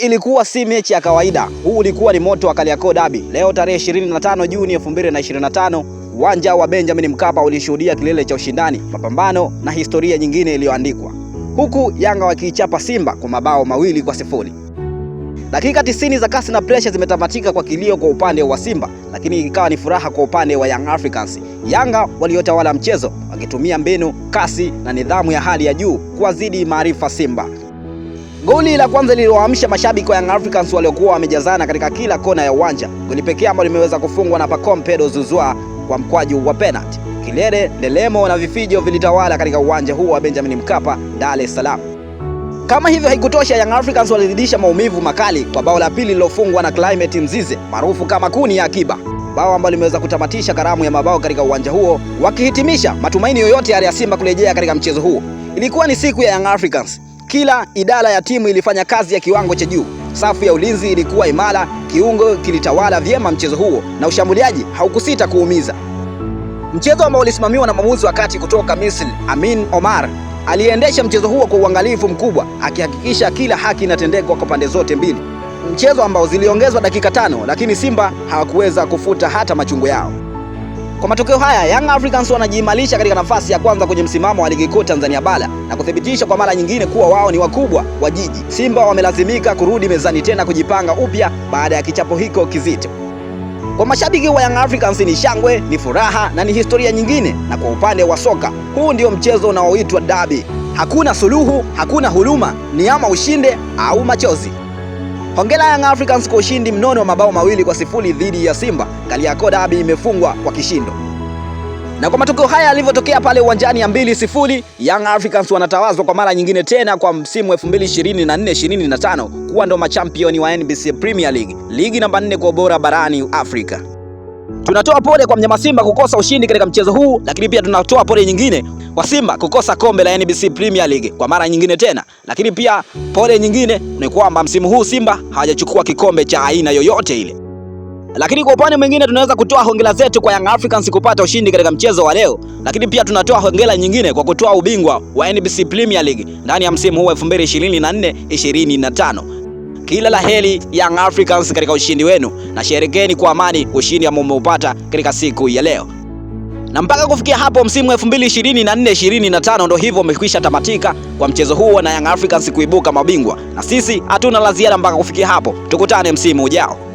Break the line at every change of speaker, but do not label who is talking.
ilikuwa si mechi ya kawaida. Huu ulikuwa ni moto wa Kariakoo Derby. Leo tarehe 25 Juni 2025, uwanja wa Benjamin Mkapa ulishuhudia kilele cha ushindani, mapambano na historia nyingine iliyoandikwa, huku Yanga wakiichapa Simba kwa mabao mawili kwa sifuri. Dakika 90 za kasi na presha zimetamatika kwa kilio kwa upande wa Simba, lakini ikawa ni furaha kwa upande wa Young Africans. Yanga waliotawala mchezo wakitumia mbinu, kasi na nidhamu ya hali ya juu kuwazidi maarifa Simba. Goli la kwanza liliwaamsha mashabiki wa Young Africans waliokuwa wamejazana katika kila kona ya uwanja. Goli pekee ambalo limeweza kufungwa na Pacome Pedro Zouzoua kwa mkwaju wa penalti. Kilele, ndelemo na vifijo vilitawala katika uwanja huo wa Benjamin Mkapa, Dar es Salaam. Kama hivyo haikutosha, Young Africans walizidisha maumivu makali kwa bao la pili lilofungwa na Climate Mzize maarufu kama kuni ya akiba, bao ambalo limeweza kutamatisha karamu ya mabao katika uwanja huo, wakihitimisha matumaini yoyote ya Simba kurejea katika mchezo huo. Ilikuwa ni siku ya Young Africans. Kila idara ya timu ilifanya kazi ya kiwango cha juu. Safu ya ulinzi ilikuwa imara, kiungo kilitawala vyema mchezo huo na ushambuliaji haukusita kuumiza. Mchezo ambao ulisimamiwa na mwamuzi wa kati kutoka Misri, Amin Omar, aliendesha mchezo huo kwa uangalifu mkubwa, akihakikisha kila haki inatendekwa kwa pande zote mbili. Mchezo ambao ziliongezwa dakika tano, lakini Simba hawakuweza kufuta hata machungu yao. Kwa matokeo haya Young Africans wanajiimarisha katika nafasi ya kwanza kwenye msimamo wa ligi kuu Tanzania bara na kuthibitisha kwa mara nyingine kuwa wao ni wakubwa wa jiji. Simba wamelazimika kurudi mezani tena kujipanga upya baada ya kichapo hiko kizito. Kwa mashabiki wa Young Africans ni shangwe, ni furaha na ni historia nyingine. Na kwa upande wa soka, huu ndio mchezo unaoitwa dabi. Hakuna suluhu, hakuna huluma, ni ama ushinde au machozi. Hongera Young Africans kwa ushindi mnono wa mabao mawili kwa sifuri dhidi ya Simba. Kariakoo Derby imefungwa kwa kishindo, na kwa matokeo haya yalivyotokea pale uwanjani ya mbili sifuri, Young Africans wanatawazwa kwa mara nyingine tena kwa msimu 2024-2025 kuwa ndo machampioni wa NBC Premier League, ligi namba 4 kwa ubora barani Afrika. Tunatoa pole kwa mnyama Simba kukosa ushindi katika mchezo huu, lakini pia tunatoa pole nyingine kwa Simba kukosa kombe la NBC Premier League kwa mara nyingine tena. Lakini pia pole nyingine ni kwamba msimu huu Simba hawajachukua kikombe cha aina yoyote ile. Lakini kwa upande mwingine tunaweza kutoa hongera zetu kwa Young Africans kupata ushindi katika mchezo wa leo, lakini pia tunatoa hongera nyingine kwa kutoa ubingwa wa NBC Premier League ndani ya msimu huu 2024 2025. Kila la heri Young Africans katika ushindi wenu, na sherekeni kwa amani ushindi ambao mmeupata katika siku ya leo na mpaka kufikia hapo msimu 2024 2025 ndo hivyo umekwisha tamatika kwa mchezo huo na Young Africans kuibuka mabingwa, na sisi hatuna la ziada mpaka kufikia hapo. Tukutane msimu ujao.